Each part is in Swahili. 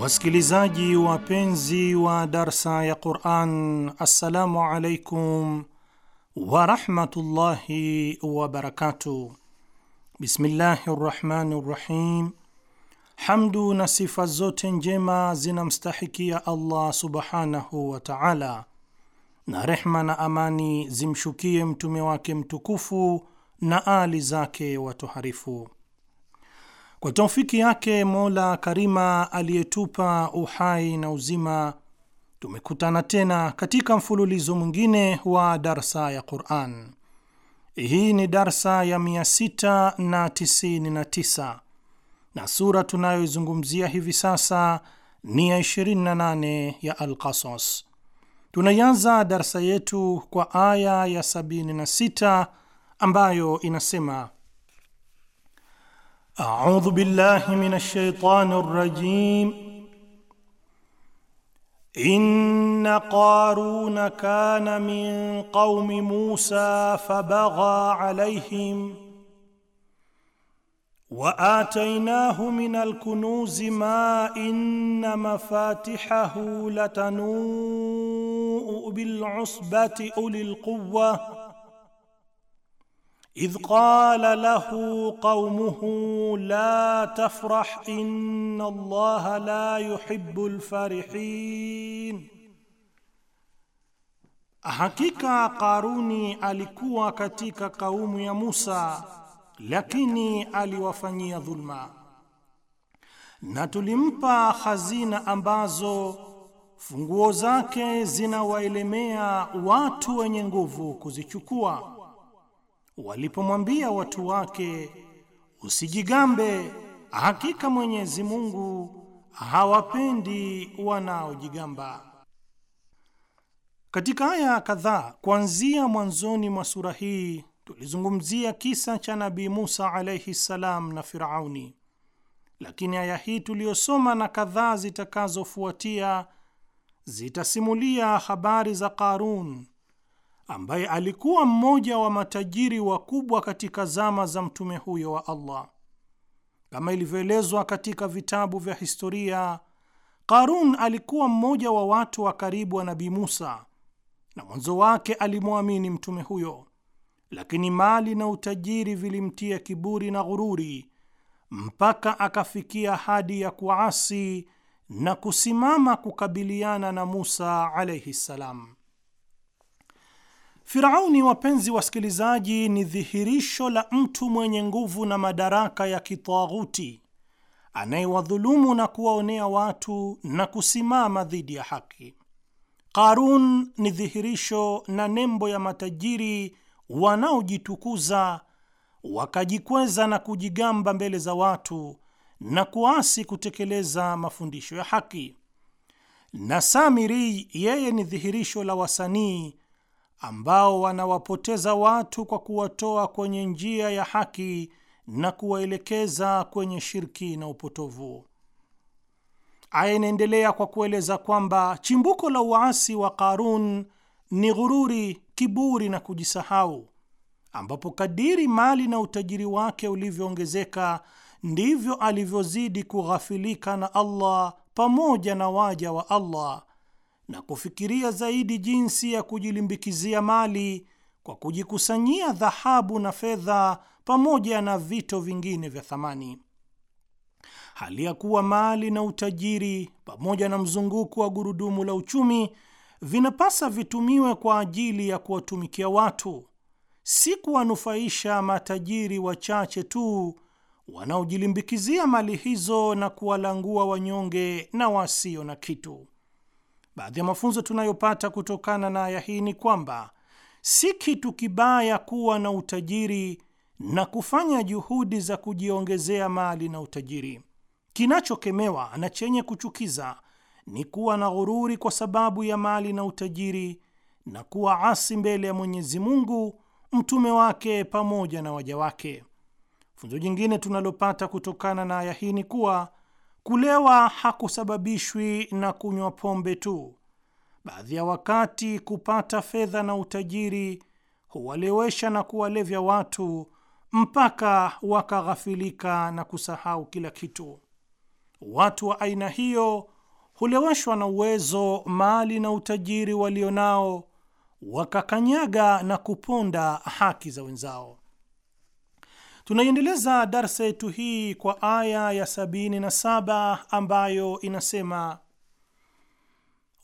Wasikilizaji wapenzi wa darsa ya Quran, assalamu alaikum warahmatullahi wabarakatuh. Bismillahi rahmani rrahim. Hamdu na sifa zote njema zinamstahikia Allah subhanahu wa taala, na rehma na amani zimshukie mtume wake mtukufu na ali zake watoharifu. Kwa taufiki yake Mola Karima aliyetupa uhai na uzima, tumekutana tena katika mfululizo mwingine wa darsa ya Quran. Hii ni darsa ya 699 na sura tunayoizungumzia hivi sasa ni ya 28 ya Alqasas. Tunaianza darsa yetu kwa aya ya 76 ambayo inasema: audhu billahi minash shaitani rajim inna qaruna kana min qaumi Musa fabagha alayhim واتيناه من الكنوز ما ان مفاتحه لتنوء بالعصبه اولي القوه اذ قال له قومه لا تفرح ان الله لا يحب الفرحين hakika قاروني alikuwa katika kaumu ya musa lakini aliwafanyia dhulma, na tulimpa hazina ambazo funguo zake zinawaelemea watu wenye nguvu kuzichukua. Walipomwambia watu wake, usijigambe, hakika Mwenyezi Mungu hawapendi wanaojigamba. Katika aya kadhaa kuanzia mwanzoni mwa sura hii tulizungumzia kisa cha Nabii Musa alaihi ssalam na Firauni, lakini aya hii tuliyosoma na kadhaa zitakazofuatia zitasimulia habari za Qarun ambaye alikuwa mmoja wa matajiri wakubwa katika zama za mtume huyo wa Allah. Kama ilivyoelezwa katika vitabu vya historia, Qarun alikuwa mmoja wa watu wa karibu wa Nabii Musa na mwanzo wake alimwamini mtume huyo lakini mali na utajiri vilimtia kiburi na ghururi mpaka akafikia hadi ya kuasi na kusimama kukabiliana na Musa alaihi ssalam. Firauni, wapenzi wasikilizaji, ni dhihirisho la mtu mwenye nguvu na madaraka ya kitaghuti anayewadhulumu na kuwaonea watu na kusimama dhidi ya haki. Qarun ni dhihirisho na nembo ya matajiri wanaojitukuza wakajikweza na kujigamba mbele za watu na kuasi kutekeleza mafundisho ya haki. Na Samiri yeye ni dhihirisho la wasanii ambao wanawapoteza watu kwa kuwatoa kwenye njia ya haki na kuwaelekeza kwenye shirki na upotovu. Aya inaendelea kwa kueleza kwamba chimbuko la uasi wa Karun ni ghururi kiburi na kujisahau, ambapo kadiri mali na utajiri wake ulivyoongezeka ndivyo alivyozidi kughafilika na Allah pamoja na waja wa Allah na kufikiria zaidi jinsi ya kujilimbikizia mali kwa kujikusanyia dhahabu na fedha pamoja na vito vingine vya thamani, hali ya kuwa mali na utajiri pamoja na mzunguko wa gurudumu la uchumi vinapasa vitumiwe kwa ajili ya kuwatumikia watu, si kuwanufaisha matajiri wachache tu wanaojilimbikizia mali hizo na kuwalangua wanyonge na wasio na kitu. Baadhi ya mafunzo tunayopata kutokana na aya hii ni kwamba si kitu kibaya kuwa na utajiri na kufanya juhudi za kujiongezea mali na utajiri. Kinachokemewa na chenye kuchukiza ni kuwa na ghururi kwa sababu ya mali na utajiri na kuwa asi mbele ya Mwenyezi Mungu, mtume wake pamoja na waja wake. Funzo jingine tunalopata kutokana na aya hii ni kuwa kulewa hakusababishwi na kunywa pombe tu. Baadhi ya wakati kupata fedha na utajiri huwalewesha na kuwalevya watu mpaka wakaghafilika na kusahau kila kitu. Watu wa aina hiyo huleweshwa na uwezo, mali na utajiri walio nao, wakakanyaga na kuponda haki za wenzao. Tunaiendeleza darsa yetu hii kwa aya ya sabini na saba ambayo inasema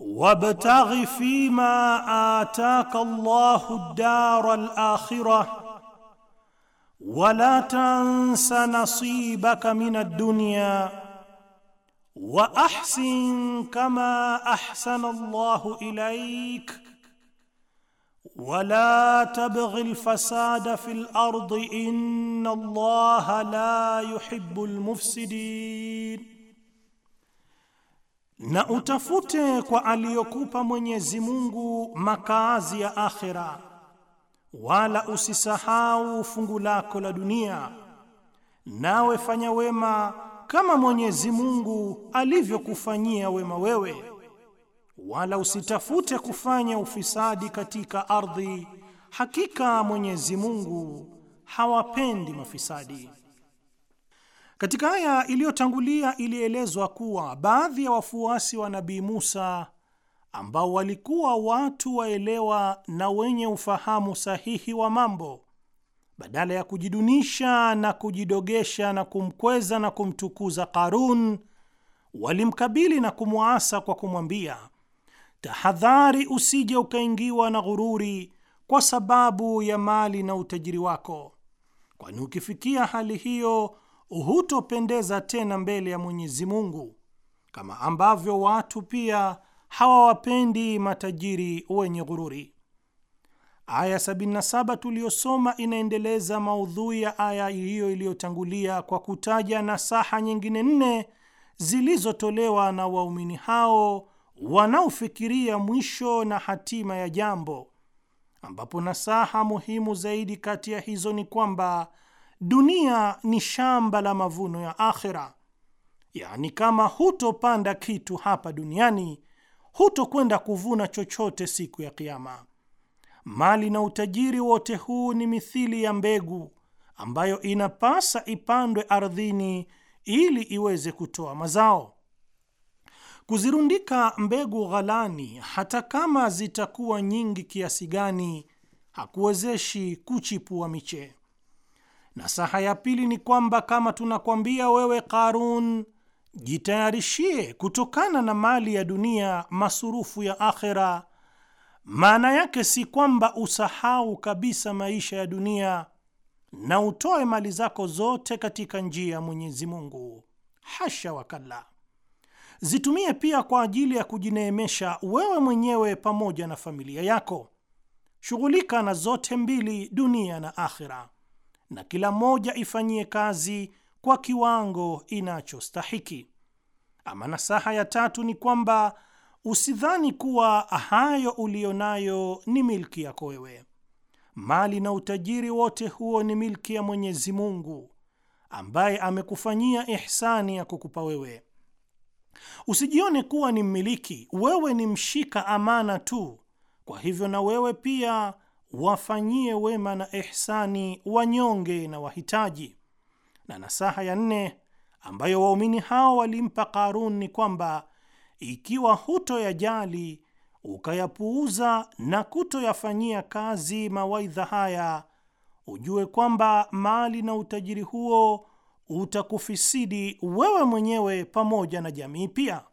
wabtaghi fima ataka llahu ddara lakhira wala tansa nasibaka min addunya wa ahsin kama ahsana Allahu ilaik wala tabghi alfasada fil ardi inna Allaha la yuhibbul mufsidin, na utafute kwa aliyokupa Mwenyezi Mungu makazi ya akhira, wala usisahau fungu lako la dunia, nawe fanya wema kama Mwenyezi Mungu alivyokufanyia wema wewe, wala usitafute kufanya ufisadi katika ardhi. Hakika Mwenyezi Mungu hawapendi mafisadi. Katika aya iliyotangulia ilielezwa kuwa baadhi ya wafuasi wa Nabii Musa ambao walikuwa watu waelewa na wenye ufahamu sahihi wa mambo badala ya kujidunisha na kujidogesha na kumkweza na kumtukuza Karun, walimkabili na kumwasa kwa kumwambia, tahadhari usije ukaingiwa na ghururi kwa sababu ya mali na utajiri wako, kwani ukifikia hali hiyo hutopendeza tena mbele ya Mwenyezi Mungu, kama ambavyo watu pia hawawapendi matajiri wenye ghururi. Aya 77 tuliyosoma inaendeleza maudhui ya aya hiyo iliyotangulia kwa kutaja nasaha nyingine nne zilizotolewa na waumini hao wanaofikiria mwisho na hatima ya jambo, ambapo nasaha muhimu zaidi kati ya hizo ni kwamba dunia ni shamba la mavuno ya akhira, yaani kama hutopanda kitu hapa duniani hutokwenda kuvuna chochote siku ya Kiama. Mali na utajiri wote huu ni mithili ya mbegu ambayo inapasa ipandwe ardhini ili iweze kutoa mazao. Kuzirundika mbegu ghalani, hata kama zitakuwa nyingi kiasi gani, hakuwezeshi kuchipua miche. Nasaha ya pili ni kwamba kama tunakwambia wewe Qarun, jitayarishie kutokana na mali ya dunia masurufu ya akhera maana yake si kwamba usahau kabisa maisha ya dunia na utoe mali zako zote katika njia ya Mwenyezi Mungu. Hasha wakala. zitumie pia kwa ajili ya kujineemesha wewe mwenyewe pamoja na familia yako. Shughulika na zote mbili, dunia na akhira, na kila moja ifanyie kazi kwa kiwango inachostahiki. Ama nasaha ya tatu ni kwamba usidhani kuwa hayo uliyo nayo ni milki yako wewe. Mali na utajiri wote huo ni milki ya Mwenyezi Mungu ambaye amekufanyia ihsani ya kukupa wewe. Usijione kuwa ni mmiliki, wewe ni mshika amana tu. Kwa hivyo na wewe pia wafanyie wema na ihsani wanyonge na wahitaji. Na nasaha ya nne ambayo waumini hao walimpa Karun ni kwamba ikiwa hutoyajali ukayapuuza na kutoyafanyia kazi mawaidha haya, ujue kwamba mali na utajiri huo utakufisidi wewe mwenyewe pamoja na jamii pia.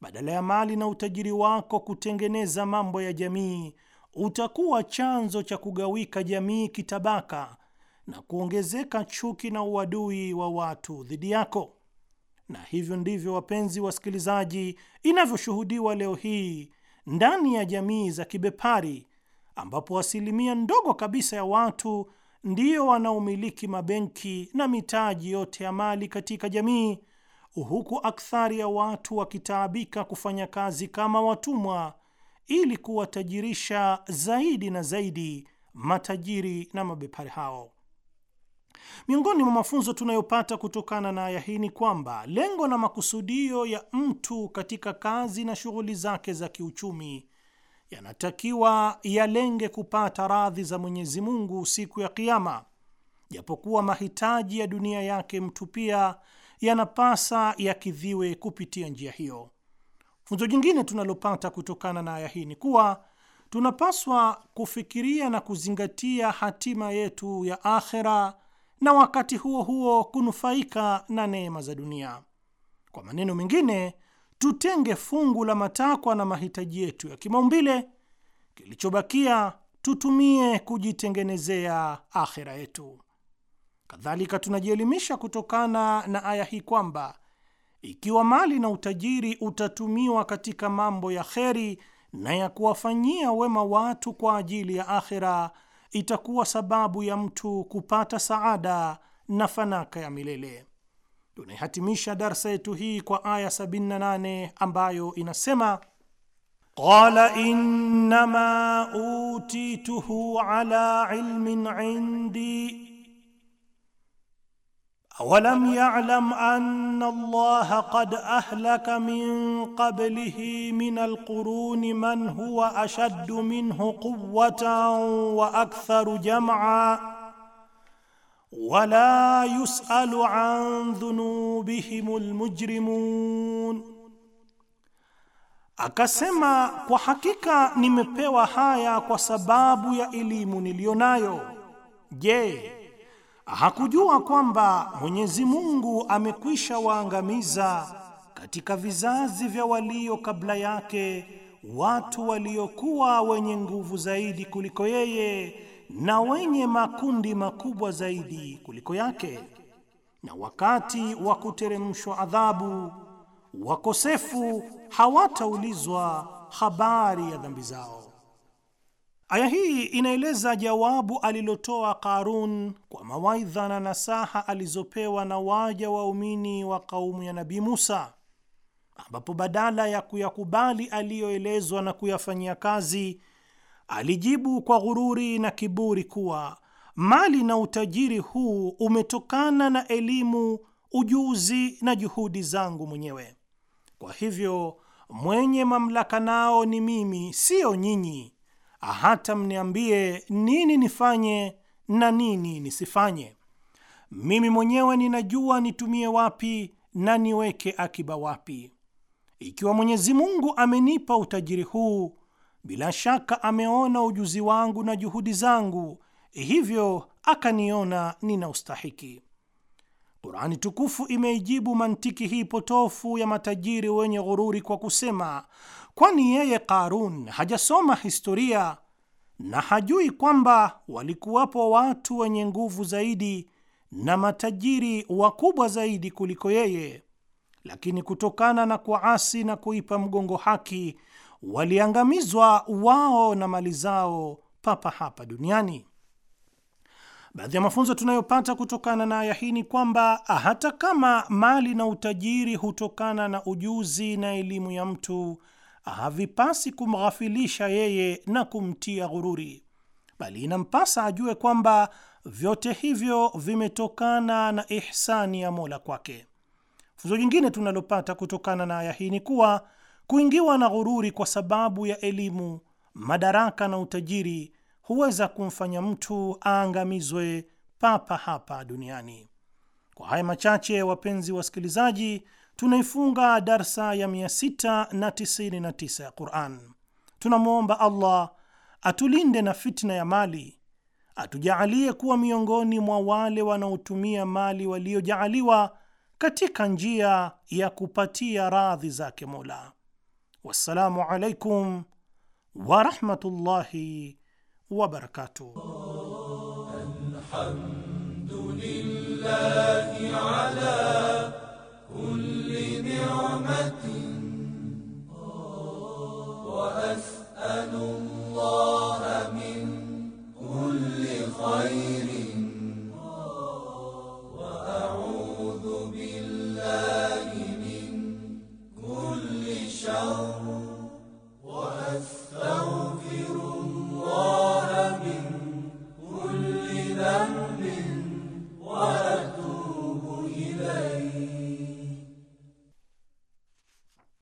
Badala ya mali na utajiri wako kutengeneza mambo ya jamii, utakuwa chanzo cha kugawika jamii kitabaka na kuongezeka chuki na uadui wa watu dhidi yako. Na hivyo ndivyo, wapenzi wasikilizaji, inavyoshuhudiwa leo hii ndani ya jamii za kibepari ambapo asilimia ndogo kabisa ya watu ndiyo wanaomiliki mabenki na mitaji yote ya mali katika jamii, huku akthari ya watu wakitaabika kufanya kazi kama watumwa ili kuwatajirisha zaidi na zaidi matajiri na mabepari hao. Miongoni mwa mafunzo tunayopata kutokana na aya hii ni kwamba lengo na makusudio ya mtu katika kazi na shughuli zake za kiuchumi yanatakiwa yalenge kupata radhi za Mwenyezi Mungu siku ya Kiama, japokuwa mahitaji ya dunia yake mtu pia yanapasa yakidhiwe kupitia njia hiyo. Funzo jingine tunalopata kutokana na aya hii ni kuwa tunapaswa kufikiria na kuzingatia hatima yetu ya akhera na wakati huo huo kunufaika na neema za dunia. Kwa maneno mengine, tutenge fungu la matakwa na mahitaji yetu ya kimaumbile, kilichobakia tutumie kujitengenezea akhera yetu. Kadhalika, tunajielimisha kutokana na aya hii kwamba ikiwa mali na utajiri utatumiwa katika mambo ya kheri na ya kuwafanyia wema watu kwa ajili ya akhera itakuwa sababu ya mtu kupata saada na fanaka ya milele. Tunaihatimisha darsa yetu hii kwa aya 78 ambayo inasema qala innama utituhu ala ilmin indi أولم يعلم أن الله قد أهلك من قبله من القرون من هو أشد منه قوة وأكثر جمعا ولا يسأل عن ذنوبهم المجرمون Akasema, kwa hakika nimepewa haya kwa sababu ya elimu niliyonayo. Je, Hakujua kwamba Mwenyezi Mungu amekwisha waangamiza katika vizazi vya walio kabla yake watu waliokuwa wenye nguvu zaidi kuliko yeye na wenye makundi makubwa zaidi kuliko yake. Na wakati wa kuteremshwa adhabu, wakosefu hawataulizwa habari ya dhambi zao. Aya hii inaeleza jawabu alilotoa karun mawaidha na nasaha alizopewa na waja waumini wa kaumu ya Nabii Musa, ambapo badala ya kuyakubali aliyoelezwa na kuyafanyia kazi, alijibu kwa ghururi na kiburi kuwa mali na utajiri huu umetokana na elimu, ujuzi na juhudi zangu mwenyewe. Kwa hivyo mwenye mamlaka nao ni mimi, siyo nyinyi. Hata mniambie nini nifanye na nini nisifanye. Mimi mwenyewe ninajua nitumie wapi na niweke akiba wapi. Ikiwa Mwenyezi Mungu amenipa utajiri huu, bila shaka ameona ujuzi wangu na juhudi zangu, hivyo akaniona nina ustahiki. Kurani tukufu imeijibu mantiki hii potofu ya matajiri wenye ghururi kwa kusema, kwani yeye Karun hajasoma historia na hajui kwamba walikuwapo watu wenye nguvu zaidi na matajiri wakubwa zaidi kuliko yeye, lakini kutokana na kuasi na kuipa mgongo haki waliangamizwa wao na mali zao papa hapa duniani. Baadhi ya mafunzo tunayopata kutokana na aya hii ni kwamba hata kama mali na utajiri hutokana na ujuzi na elimu ya mtu havipasi kumghafilisha yeye na kumtia ghururi, bali inampasa ajue kwamba vyote hivyo vimetokana na ihsani ya Mola kwake. Funzo jingine tunalopata kutokana na aya hii ni kuwa kuingiwa na ghururi kwa sababu ya elimu, madaraka na utajiri huweza kumfanya mtu aangamizwe papa hapa duniani. Kwa haya machache, wapenzi wasikilizaji tunaifunga darsa ya 699 ya Quran. Tunamwomba Allah atulinde na fitna ya mali, atujaalie kuwa miongoni mwa wale wanaotumia mali waliojaaliwa katika njia ya kupatia radhi zake Mola. Wassalamu alaikum warahmatullahi wabarakatuh. وأسأل